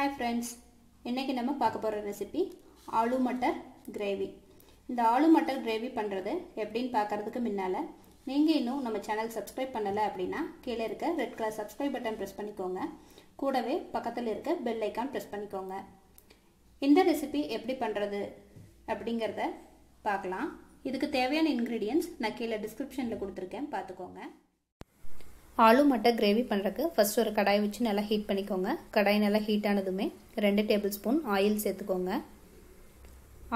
hi friends இன்றைக்கி நம்ம பார்க்க போகிற ரெசிபி ஆலு மட்டர் கிரேவி இந்த ஆலு மட்டர் கிரேவி பண்ணுறது எப்படின்னு பார்க்குறதுக்கு முன்னால் நீங்கள் இன்னும் நம்ம சேனல் சப்ஸ்கிரைப் பண்ணலை அப்படின்னா கீழே இருக்க red colour subscribe button press பண்ணிக்கோங்க கூடவே பக்கத்தில் இருக்க பெல் ஐக்கான் ப்ரெஸ் பண்ணிக்கோங்க இந்த ரெசிபி எப்படி பண்ணுறது அப்படிங்கிறத பார்க்கலாம் இதுக்கு தேவையான இன்க்ரீடியன்ஸ் நான் கீழே டிஸ்கிரிப்ஷனில் கொடுத்துருக்கேன் பார்த்துக்கோங்க ஆலு மட்டை கிரேவி பண்ணுறக்கு ஃபஸ்ட் ஒரு கடாய் வச்சு நல்லா ஹீட் பண்ணிக்கோங்க கடாய் நல்லா ஹீட் ஆனதுமே ரெண்டு டேபிள் ஸ்பூன் ஆயில் சேர்த்துக்கோங்க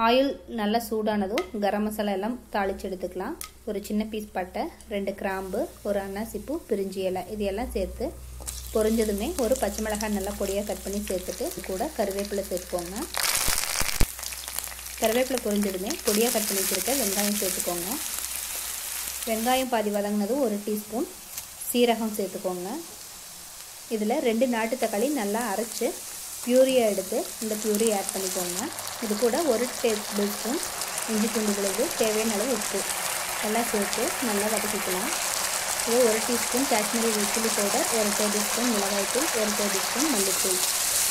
ஆயில் நல்லா சூடானதும் கரம் மசாலா எல்லாம் தாளித்து எடுத்துக்கலாம் ஒரு சின்ன பீஸ் பட்டை ரெண்டு கிராம்பு ஒரு அன்னாசிப்பூ பிரிஞ்சி இலை இது எல்லாம் சேர்த்து பொரிஞ்சதுமே ஒரு பச்சை மிளகாய் நல்லா பொடியாக கட் பண்ணி சேர்த்துட்டு கூட கருவேப்பிலை சேர்த்துக்கோங்க கருவேப்பிலை பொரிஞ்சதுமே பொடியாக கட் பண்ணி வச்சுருக்க வெங்காயம் சேர்த்துக்கோங்க வெங்காயம் பாதி வதங்கினதும் ஒரு டீஸ்பூன் சீரகம் சேர்த்துக்கோங்க இதில் ரெண்டு நாட்டு தக்காளி நல்லா அரைச்சி பியூரியா எடுத்து இந்த பியூரி ஆட் பண்ணிக்கோங்க இது கூட ஒரு டேபிள் ஸ்பூன் இஞ்சி பூண்டு தேவையான அளவு உப்பு எல்லாம் சேர்த்து நல்லா வதக்கிக்கலாம் இது ஒரு டீஸ்பூன் காஷ்மீரி வெச்சிலி பவுடர் ஒரு டேபிள் ஸ்பூன் மிளகாய்த்தூள் ஒரு டேபிள் ஸ்பூன் மல்லித்தூள்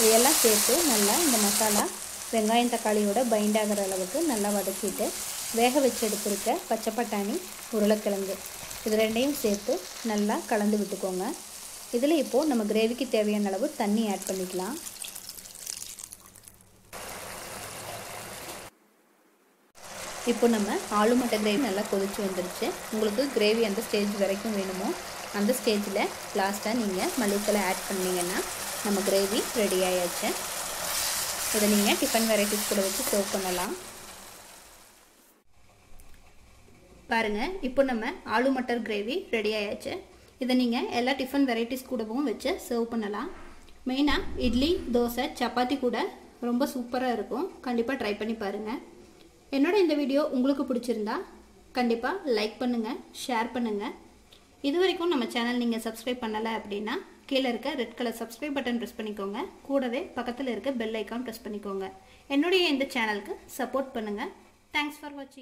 இதையெல்லாம் சேர்த்து நல்லா இந்த மசாலா வெங்காயம் தக்காளியோட பைண்ட் ஆகிற அளவுக்கு நல்லா வதக்கிட்டு வேக வச்சு எடுத்துருக்க பச்சை பட்டாணி உருளைக்கிழங்கு இது ரெண்டையும் சேர்த்து நல்லா கலந்து விட்டுக்கோங்க இதில் இப்போது நம்ம கிரேவிக்கு தேவையான அளவு தண்ணி ஆட் பண்ணிக்கலாம் இப்போ நம்ம ஆலு மட்டை கிரேவி நல்லா கொதிச்சு வந்துருச்சு உங்களுக்கு கிரேவி அந்த ஸ்டேஜ் வரைக்கும் வேணுமோ அந்த ஸ்டேஜில் லாஸ்ட்டாக நீங்கள் மல்லித்தலை ஆட் பண்ணிங்கன்னா நம்ம கிரேவி ரெடி ஆயாச்சு இதை நீங்கள் டிஃபன் வெரைட்டிஸ் கூட வச்சு சர்வ் பண்ணலாம் பாருங்கள் இப்போ நம்ம ஆலு மட்டர் கிரேவி ரெடி ஆயாச்சு இதை நீங்கள் எல்லா டிஃபன் வெரைட்டிஸ் கூடவும் வச்சு சர்வ் பண்ணலாம் மெயினாக இட்லி தோசை சப்பாத்தி கூட ரொம்ப சூப்பராக இருக்கும் கண்டிப்பாக ட்ரை பண்ணி பாருங்கள் என்னோட இந்த வீடியோ உங்களுக்கு பிடிச்சிருந்தா கண்டிப்பாக லைக் பண்ணுங்கள் ஷேர் பண்ணுங்கள் இது வரைக்கும் நம்ம சேனல் நீங்கள் சப்ஸ்கிரைப் பண்ணலை அப்படின்னா கீழே இருக்க red colour subscribe button press பண்ணிக்கோங்க கூடவே பக்கத்தில் இருக்க பெல் ஐக்கான் ப்ரெஸ் பண்ணிக்கோங்க என்னுடைய இந்த சேனலுக்கு சப்போர்ட் பண்ணுங்கள் தேங்க்ஸ் ஃபார் வாட்சிங்